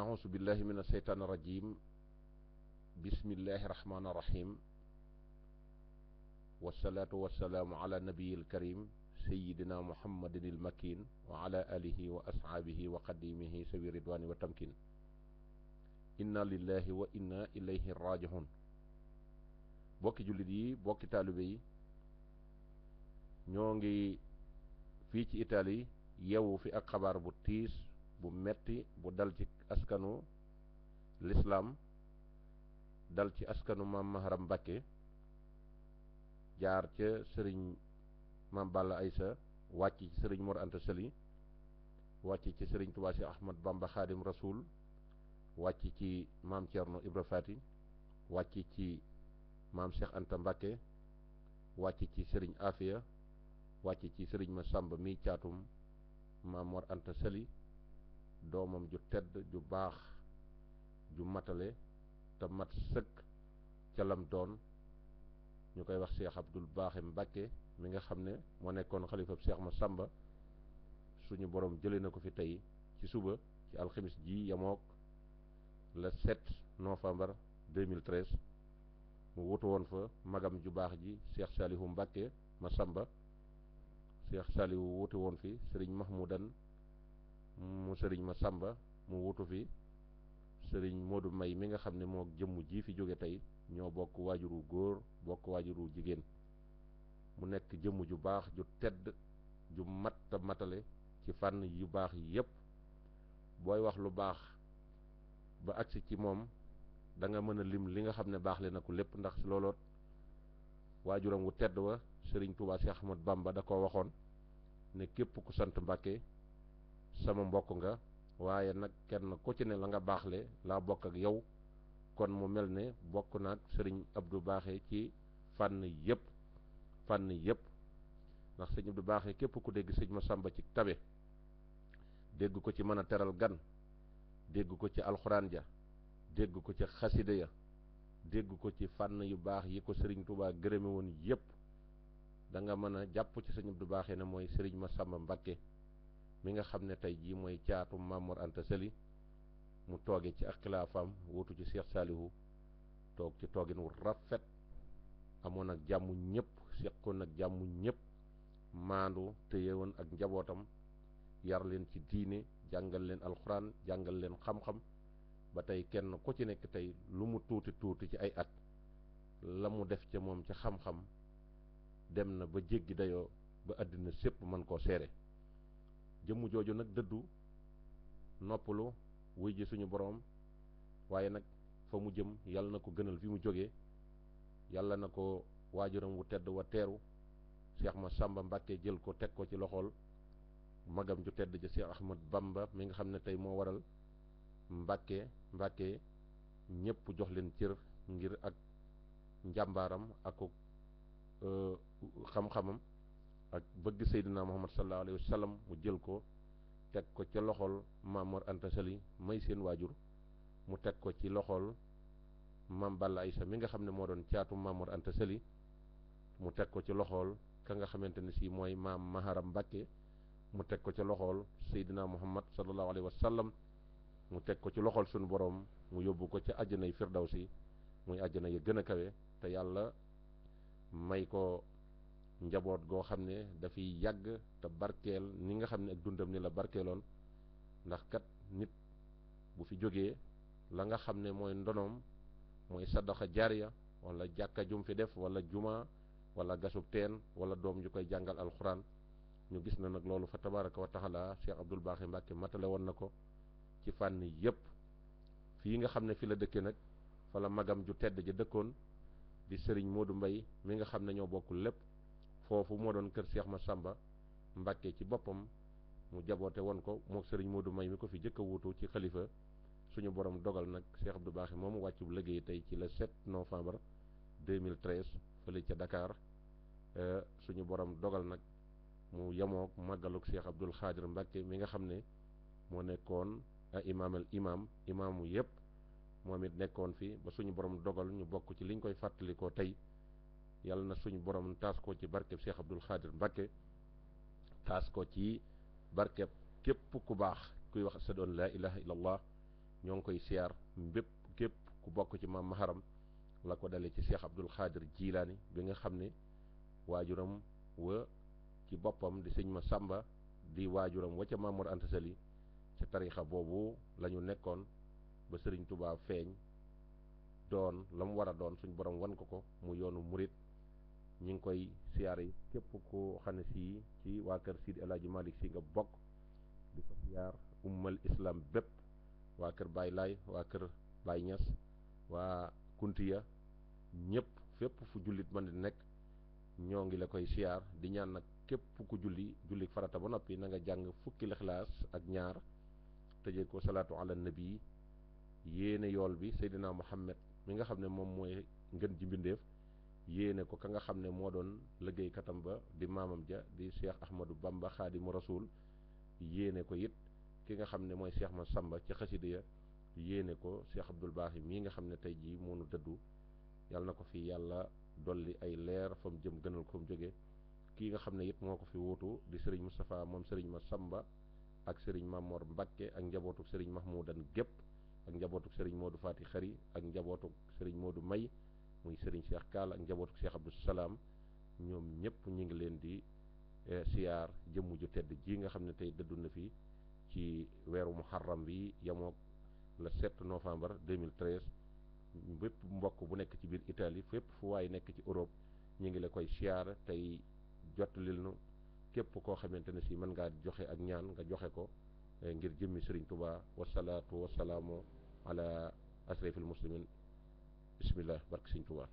أعوذ بالله من الشيطان الرجيم بسم الله الرحمن الرحيم والصلاة والسلام على النبي الكريم سيدنا محمد المكين وعلى آله وأصحابه وقديمه سوي رضوان وتمكين inna lillahi wa inna ilayhi raajihun bokki jullit yi bokki taalibe yi ñoo ngi fii ci Italie yewu fi ak xabaar bu tiis bu metti bu dal ci askanu lislaam dal ci askanu maam Maharam Mbàkke jaar ca sëriñ maam Balla Aysa wàcc ci sëriñ Mor Anta Sali wàcc ci sëriñ Tuubaa Ahmad Bamba Xaadim Rasuul wàcc ci maam Cerno Ibra Faati wàcc ci maam Cheikh Anta Mbàkke wàcc ci sëriñ Afiya wàcc ci sëriñ Masamba mii caatum maam Mor Anta Sali doomam ju tedd ju baax ju matale te mat sëkk ca lam doon ñu koy wax Cheikh Abdoul Baaxe Mbacke mi nga xam ne moo nekkoon xalifa ma Massamba suñu borom jëlee na ko fi tey ci suba ci alxamis ji yamook le 7 novembre 2013 mu wutu woon fa magam ju baax ji Cheikh Salihu ma Massamba Cheikh Salihu wuti woon fi Serigne Mahmoudan mu sëriñ ma sàmba mu wutu fi sëriñ Modou May mi nga xam ne moo jëmm ji fi jóge tey ñoo bokk waajuru góor bokk waajuru jigéen mu nekk jëmm ju baax ju tedd ju matta matale ci fànn yu baax yépp booy wax lu baax ba agsi ci moom danga nga mën a lim li nga xam ne baax leen na ko lépp ndax looloot waajuram wu tedd wa sëriñ Touba Cheikh Ahmad bàmba da ko waxoon ne képp ku sant Mbàkke sama mbokk nga waaye nag kenn ku ci ne la nga baaxle laa bokk ak yow kon mu mel ne bokk naag sëriñ ab Abdou Baaxe ci fànn yëpp fànn yëpp ndax sëriñ Abdou Baaxe képp ku dégg sëriñ Masamba ci tabe dégg ko ci mën a teral gan dégg ko ci alxuraan ja dégg ko ci xaside ya dégg ko ci fànn yu baax yi ko sëriñ Touba gërëme woon yëpp da nga mën a jàpp ci sëriñ Abdou Baaxe ne mooy sëriñ Masamba mbakke mi nga xam ne tey jii mooy caatu Mamor Anta mu tooge ci ak xilaafam wutu ci Cheikh Salihu toog ci toogin wu rafet amoon ak jàmm ñëpp seqoon ak jàmm ñépp maandu téyewoon ak njabootam yar leen ci diine jàngal leen alxuraan jàngal leen xam-xam ba tey kenn ku ci nekk tey lu mu tuuti tuuti ci ay at la mu def ca moom ci xam-xam dem na ba jéggi dayoo ba àddina sépp mën koo seere jëmm jooju nag dëddu noppalu wuy ji suñu boroom waaye nag fa mu jëm yàlla na ko gënal fi mu jógee yàlla na ko waajuram wu tedd wa teeru ma Massamba Mbacke jël ko teg ko ci loxool magam ju tedd ja Cheikh Ahmad Bamba mi nga xam ne tey moo waral Mbacke Mbacke ñëpp jox leen cër ngir ak njàmbaaram ak euh, xam-xamam ak bëgg Seydina Muhammad sallallahu alayhi wa sallam mu jël ko teg ko ca loxol Maam Mor Anta may seen waajur mu teg ko ci loxol Maam Balla Aysa mi nga xam ne moo doon caatu Maam Mor mu teg ko ci loxol ka nga xamante ne si mooy Maam Maharam Mbàkke mu teg ko ci loxol Seydina Muhammad sallallahu alayhi wa sallam mu teg ko ci loxol suñu borom mu yóbbu ko ca àjjanay firdawsi muy àjjana ya gën a kawe te yàlla may ko njaboot goo xam ne dafiy yàgg te barkeel ni nga xam ne ak dundam ni la barkeeloon ndax kat nit bu fi jógee la nga xam ne mooy ndonoom mooy sadaxa ya wala jàkka jum fi def wala juma wala gasub teen wala doom ju koy jàngal alxuraan ñu gis na nag loolu fa tabaraka wa taala Cheikh Abdoul Baaxi Mbàkke matale woon na ko ci fànn yépp fii nga xam ne fi la dëkke nag fa la magam ju tedd ja dëkkoon di sëriñ Modou Mbay mi nga xam ne ñoo bokk lépp foofu moo doon kër ma Massamba Mbacke ci boppam mu jaboote woon ko moo sëriñ moo Modou May mi ko fi jëkk a wuutu ci xalifa suñu borom dogal nag Cheikh Abdou Bakhi moomu wàccub liggéey tey ci le 7 novembre 2013 fële ca Dakar euh, suñu borom dogal nag mu yemoog màggaluk Cheikh Abdoul Khadir Mbacke mi nga xam ne moo nekkoon a imaamal imaam imaamu yépp moom it nekkoon fi ba suñu borom dogal ñu bokk ci liñ koy fàttalikoo tey yàlla na suñu borom taas ko ci barkeb Cheikh Abdoul Khadir Mbacke taas ko ci barkeb képp ku baax kuy wax sa doon laa ilaha illallah ñoo ngi koy siyaar mbépp képp ku bokk ci maam maharam la ko dale ci Cheikh Abdoul Khadir Jilaani bi nga xam ne waajuram wa ci boppam di sëñ ma sàmba di waajuram wa ca Mamour Anta Sali ca tarixa boobu lañu nekkoon ba sëriñ Touba feeñ doon la mu war a doon suñ borom wan ko ko mu yoonu murit ñi ngi koy siyaare képp koo xam ne sii ci waa kër Sidi El Hadj Malick si nga bokk di ko siyaar ummal islam bépp waa kër baay Laay waa kër Baye Niass waa Kuntiya ñëpp fépp fu jullit mën di nekk ñoo ngi la koy siyaar di ñaan nag képp ku julli julli farata ba noppi na nga jàng fukki lixlaas ak ñaar tëjee ko salaatu ala nabi yéene yool bi Seydina Muhammad mi nga xam ne moom mooy ngën ji mbindeef yéene ko ka nga xam ne moo doon liggéeykatam ba di maamam ja di Cheikh Ahmadou Bamba Xaadimu Rasuul yéene ko it ki nga xam ne mooy Cheikh ma Samba ci xasida ya yéene ko Cheikh Abdoul Baaxi mii nga xam ne tey jii moonu dëddu yàlla na ko fi yàlla dolli ay leer fa mu jëm gënal ko jóge kii nga xam ne it moo ko fi wuutu di Serigne Moustapha moom Serigne ma Samba ak Serigne maamoor Mbakke ak njabootuk Serigne Mahmoudan gépp ak njabootuk moo du faati Xari ak njabootuk Serigne Modou May muy Serigne Cheikh Kaal ak njabootu Cheikh Abdou Salaam ñoom ñëpp ñu ngi leen di eh, siyaar jëmm ju tedd ji nga xam ne tey dëddu na fi ci weeru muharram bi yemook le 7 novembre 2013 bépp mbokk bu nekk ci biir Italie fépp fu waay nekk ci Europe ñu ngi la koy siyaar tey jot lil nu képp koo xamante ne si mën ngaa joxe ak ñaan nga joxe ko eh, ngir jëmmi Serigne Touba wasalaatu wasalaamu ala asrafil muslimin bisimilah barke Sëñ Tuubaa